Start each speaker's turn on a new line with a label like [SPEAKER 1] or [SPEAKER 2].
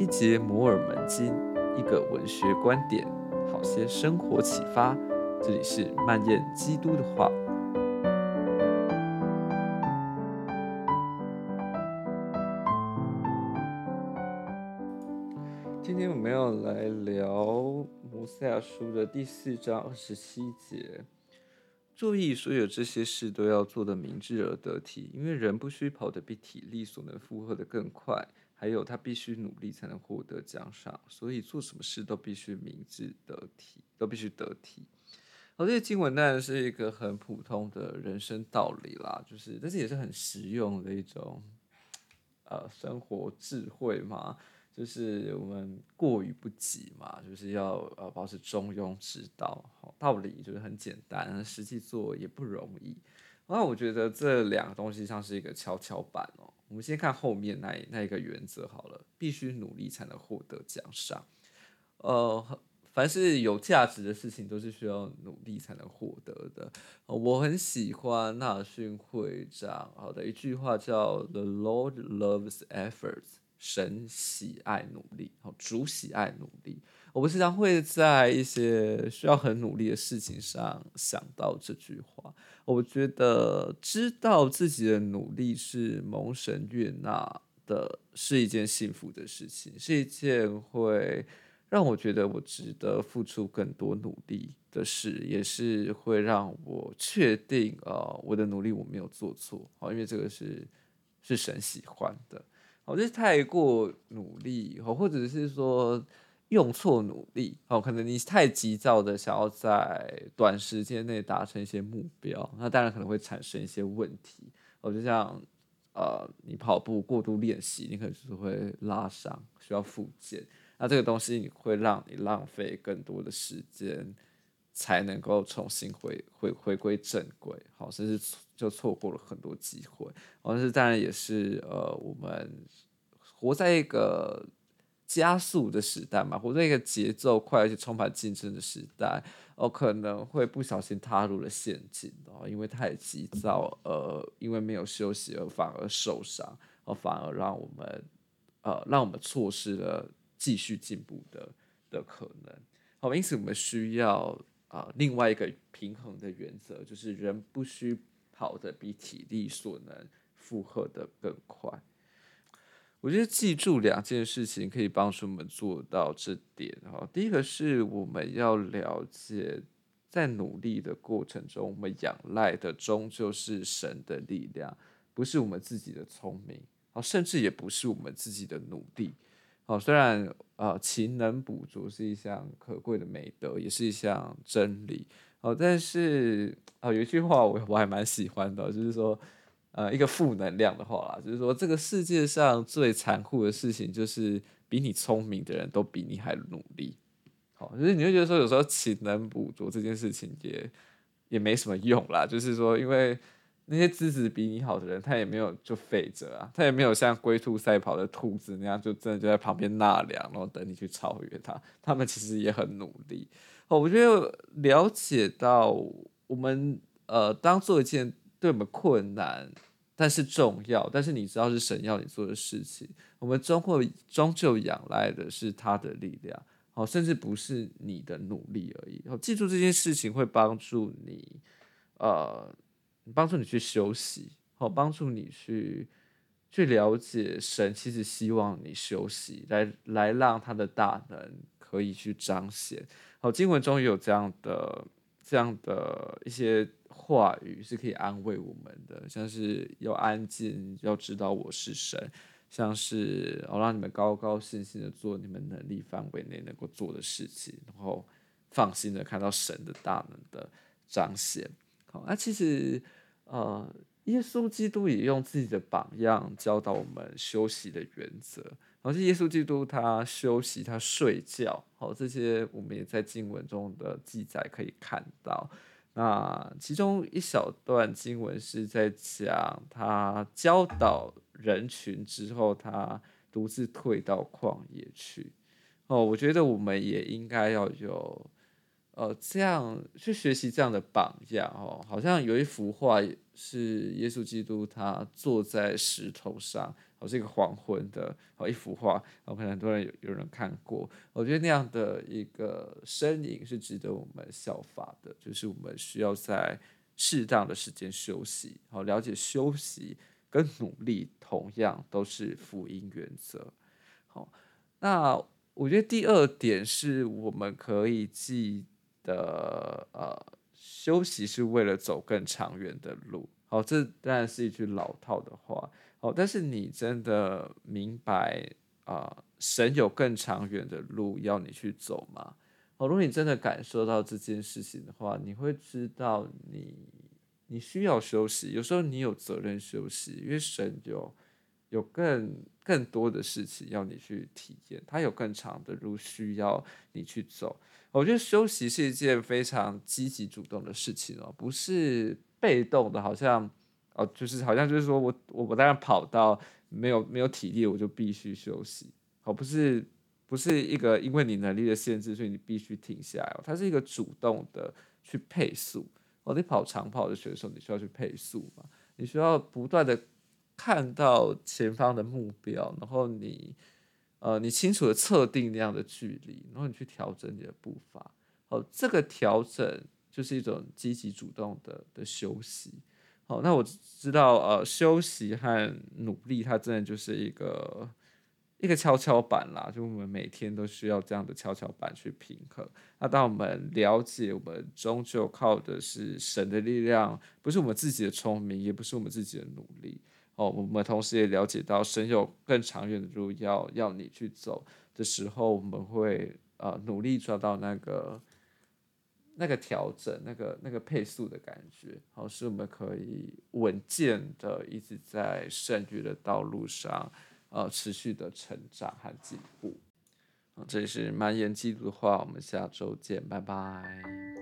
[SPEAKER 1] 一節摩爾門經，一個文學觀點，好些生活啟發。這裡是曼燕基督的話。今天我們要來聊摩賽亞書的第四章二十七節。注意，所有這些事都要做得明智而得體，因為人不須跑得比體力所能負荷得更快。還有他必須努力才能獲得獎賞，所以做什麼事都必須明智得體，都必須得體。好，哦，這些經文當然是一個很普通的人生道理啦，就是，但是也是很實用的一種呃生活智慧嘛，就是我們過與不及嘛，就是要呃保持中庸之道，哦。道理就是很簡單，實際做也不容易。那，啊，我覺得這兩個東西像是一個蹺蹺板哦。我們先看後面那那一個原則好了，必須努力才能獲得獎賞。呃，凡是有價值的事情，都是需要努力才能獲得的。我很喜歡納爾遜會長好的一句話叫 “The Lord loves efforts”，神喜愛努力，好，主喜愛努力。我經常會在一些需要很努力的事情上想到這句話。我覺得知道自己的努力是蒙神悅納的是一件幸福的事情，是一件會讓我覺得我值得付出更多努力的事，也是會讓我確定啊，我的努力我沒有做錯啊，因為這個是是神喜歡的。我覺得太過努力，或者是說。用錯努力哦，可能你太急躁的想要在短時間內達成一些目標，那當然可能會產生一些問題。我、哦、就像呃，你跑步過度練習，你可能就是會拉傷，需要復健。那這個東西你會讓你浪費更多的時間，才能夠重新回回回歸正軌。好、哦，甚至就錯過了很多機會。哦，但是當然也是呃，我們活在一個。加速的時代嘛，或者一個節奏快而且充滿競爭的時代，哦，可能會不小心踏入了陷阱哦，因為太急躁，呃，因為沒有休息而反而受傷，而、哦、反而讓我們呃，讓我們錯失了繼續進步的的可能。好、哦，因此我們需要啊、呃、另外一個平衡的原則，就是人不須跑得比體力所能負荷得更快。我覺得記住兩件事情可以幫助我們做到這點。哈、哦，第一個是我們要了解，在努力的過程中，我們仰賴的終究是神的力量，不是我們自己的聰明。哦，甚至也不是我們自己的努力。哦，雖然啊，呃、勤能補拙是一項可貴的美德，也是一項真理。哦，但是啊、哦，有一句話我我還蠻喜歡的，就是說。呃，一個負能量的話啦，就是說這個世界上最殘酷的事情，就是比你聰明的人都比你還努力。好、哦，就是你會覺得說，有時候勤能補拙這件事情也也沒什麼用啦。就是說，因為那些資質比你好的人，他也沒有就廢着啊，他也沒有像龜兔賽跑的兔子那樣，就真的就在旁邊納涼，然後等你去超越他。他們其實也很努力。哦，我覺得了解到我們呃，當做一件。對我們困難，但是重要，但是你知道是神要你做的事情。我們終會終究仰賴的是他的力量，好，甚至不是你的努力而已。哦，記住這件事情會幫助你，呃，幫助你去休息，好，幫助你去去了解神其實希望你休息，來來讓他的大能可以去彰顯。好，經文中也有這樣的。這樣的一些話語是可以安慰我們的，像是要安靜，要知道我是神，像是我、哦、讓你們高高興興的做你們能力範圍內能夠做的事情，然後放心的看到神的大能的彰顯。好，那、啊、其實，呃，耶穌基督也用自己的榜樣教導我們休息的原則。而且、哦、耶穌基督，他休息，他睡覺，哦，這些我們也在經文中的記載可以看到。那其中一小段經文是在講他教導人群之後，他獨自退到曠野去。哦，我覺得我們也應該要有呃這樣去學習這樣的榜樣。哦，好像有一幅畫是耶穌基督他坐在石頭上。哦，這個黃昏的哦一幅畫，可能很多人有，有人看過。我覺得那樣的一個身影是值得我們效法的，就是我們需要在適當的時間休息。好，了解休息跟努力同樣都是福音原則。好，那我覺得第二點是我們可以記得，呃，休息是為了走更長遠的路。好，這當然是一句老套的話。好，但是你真的明白啊、呃？神有更長遠的路要你去走嗎？好，如果你真的感受到這件事情的話，你會知道你你需要休息。有時候你有責任休息，因為神有有更更多的事情要你去體驗，他有更長的路需要你去走。我覺得休息是一件非常積極主動的事情哦，不是。被動的，好像哦，就是好像就是說我我我當然跑到沒有沒有體力，我就必須休息，哦，不是不是一個因為你能力的限制，所以你必須停下來，哦，它是一個主動的去配速，哦，你跑長跑的選手，你需要去配速嘛，你需要不斷的看到前方的目標，然後你呃你清楚的測定那樣的距離，然後你去調整你的步伐，哦，這個調整。就是一種積極主動的的休息，好，哦，那我知道，呃，休息和努力，它真的就是一個一個蹺蹺板啦，就我們每天都需要這樣的蹺蹺板去平衡。那當我們了解，我們終究靠的是神的力量，不是我們自己的聰明，也不是我們自己的努力。哦，我們同時也了解到，神有更長遠的路要要你去走的時候，我們會呃努力抓到那個。那個調整，那個那個配速的感覺，好，哦，是我們可以穩健的一直在剩餘的道路上，呃，持續的成長和進步。好，嗯，這裡是滿眼記錄的話，我們下周見，拜拜。